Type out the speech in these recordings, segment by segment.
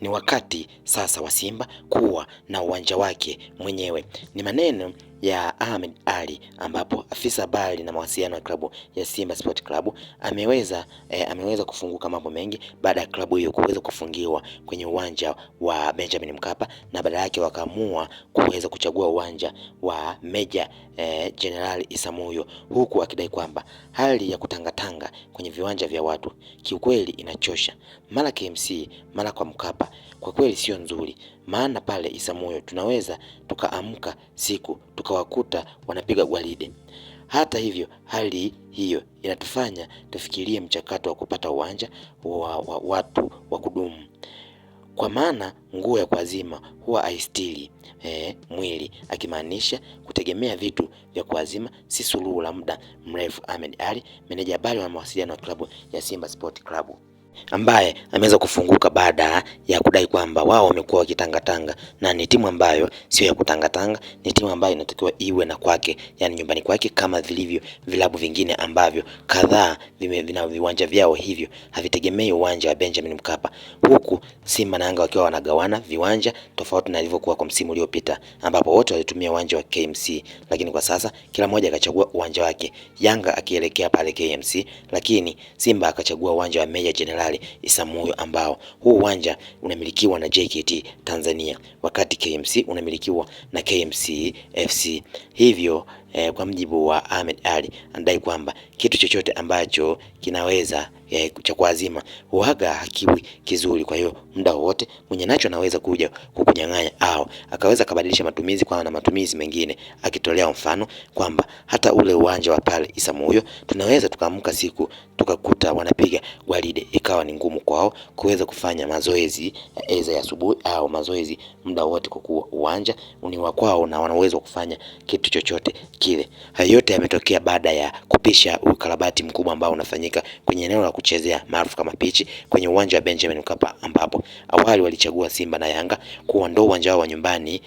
ni wakati sasa wa Simba kuwa na uwanja wake mwenyewe. Ni maneno ya Ahmed Ali ambapo afisa habari na mawasiliano ya klabu ya Simba Sport Club ameweza e, ameweza kufunguka mambo mengi baada ya klabu hiyo kuweza kufungiwa kwenye uwanja wa Benjamin Mkapa na baada yake wakaamua kuweza kuchagua uwanja wa Meja e, eh, Jenerali Isamuyo, huku akidai kwamba hali ya kutangatanga kwenye viwanja vya watu kiukweli inachosha, mara KMC mara kwa Mkapa, kwa kweli sio nzuri, maana pale Isamuyo tunaweza tukaamka siku tuka wakawakuta wanapiga gwaride. Hata hivyo, hali hiyo inatufanya tufikirie mchakato wa kupata uwanja wa, wa watu wa kudumu kwa maana nguo ya kuazima huwa haistiri eh, mwili, akimaanisha kutegemea vitu vya kuazima si suluhu la muda mrefu. Ahmed Ally, meneja habari wa mawasiliano wa klabu ya Simba Sport Club ambaye ameweza kufunguka baada ya kudai kwamba wao wamekuwa wakitangatanga na ni timu ambayo sio ya kutangatanga, ni timu ambayo inatakiwa iwe na kwake, yani nyumbani kwake, kama vilivyo vilabu vingine ambavyo kadhaa vina viwanja vyao, hivyo havitegemei uwanja wa Benjamin Mkapa, huku Simba na Yanga wakiwa wanagawana viwanja tofauti na ilivyokuwa kwa msimu uliopita, ambapo wote walitumia uwanja wa KMC, lakini kwa sasa kila mmoja akachagua uwanja wake, Yanga akielekea pale KMC, lakini Simba akachagua uwanja wa Meja General Halali Isamuhyo ambao huu uwanja unamilikiwa na JKT Tanzania wakati KMC unamilikiwa na KMC FC hivyo eh, kwa mjibu wa Ahmed Ali anadai kwamba kitu chochote ambacho kinaweza eh, cha kuazima huaga hakiwi kizuri. Kwa hiyo muda wowote mwenye nacho anaweza kuja kukunyang'anya au akaweza kabadilisha matumizi kwa na matumizi mengine, akitolea mfano kwamba hata ule uwanja wa pale huyo, tunaweza tukaamka siku tukakuta wanapiga gwaride, ikawa ni ngumu kwao kuweza kufanya mazoezi eza eh, ya asubuhi au mazoezi muda wote, kwa kuwa uwanja ni wa kwao na wana uwezo wa kufanya kitu chochote kile. Hayo yote yametokea baada ya kupisha ukarabati mkubwa ambao unafanyika kwenye eneo la kuchezea maarufu kama pichi kwenye uwanja wa Benjamin Mkapa, ambapo awali walichagua Simba na Yanga kuwa ndo uwanja wao wa nyumbani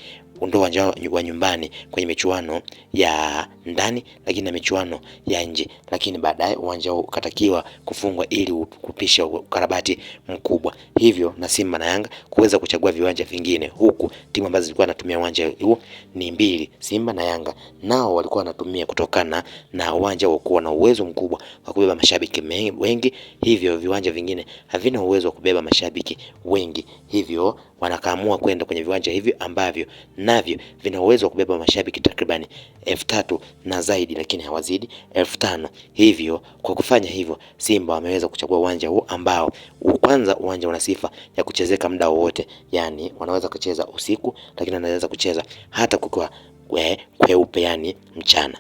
kuondoa uwanja wa nyumbani kwenye michuano ya ndani, lakini na michuano ya nje, lakini baadaye uwanja huo ukatakiwa kufungwa ili kupisha ukarabati mkubwa, hivyo na Simba na Yanga kuweza kuchagua viwanja vingine, huku timu ambazo zilikuwa wanatumia uwanja huo ni mbili, Simba na Yanga, nao walikuwa wanatumia kutokana na uwanja huo kuwa na uwezo mkubwa wa kubeba mashabiki wengi, hivyo viwanja vingine havina uwezo wa kubeba mashabiki wengi hivyo wanakaamua kwenda kwenye viwanja hivyo ambavyo navyo vina uwezo wa kubeba mashabiki takribani elfu tatu na zaidi, lakini hawazidi elfu tano. Hivyo kwa kufanya hivyo, Simba wameweza kuchagua uwanja huu ambao kwanza, uwanja una sifa ya kuchezeka muda wowote, yani wanaweza kucheza usiku, lakini wanaweza kucheza hata kukiwa eh, kweupe, yani mchana.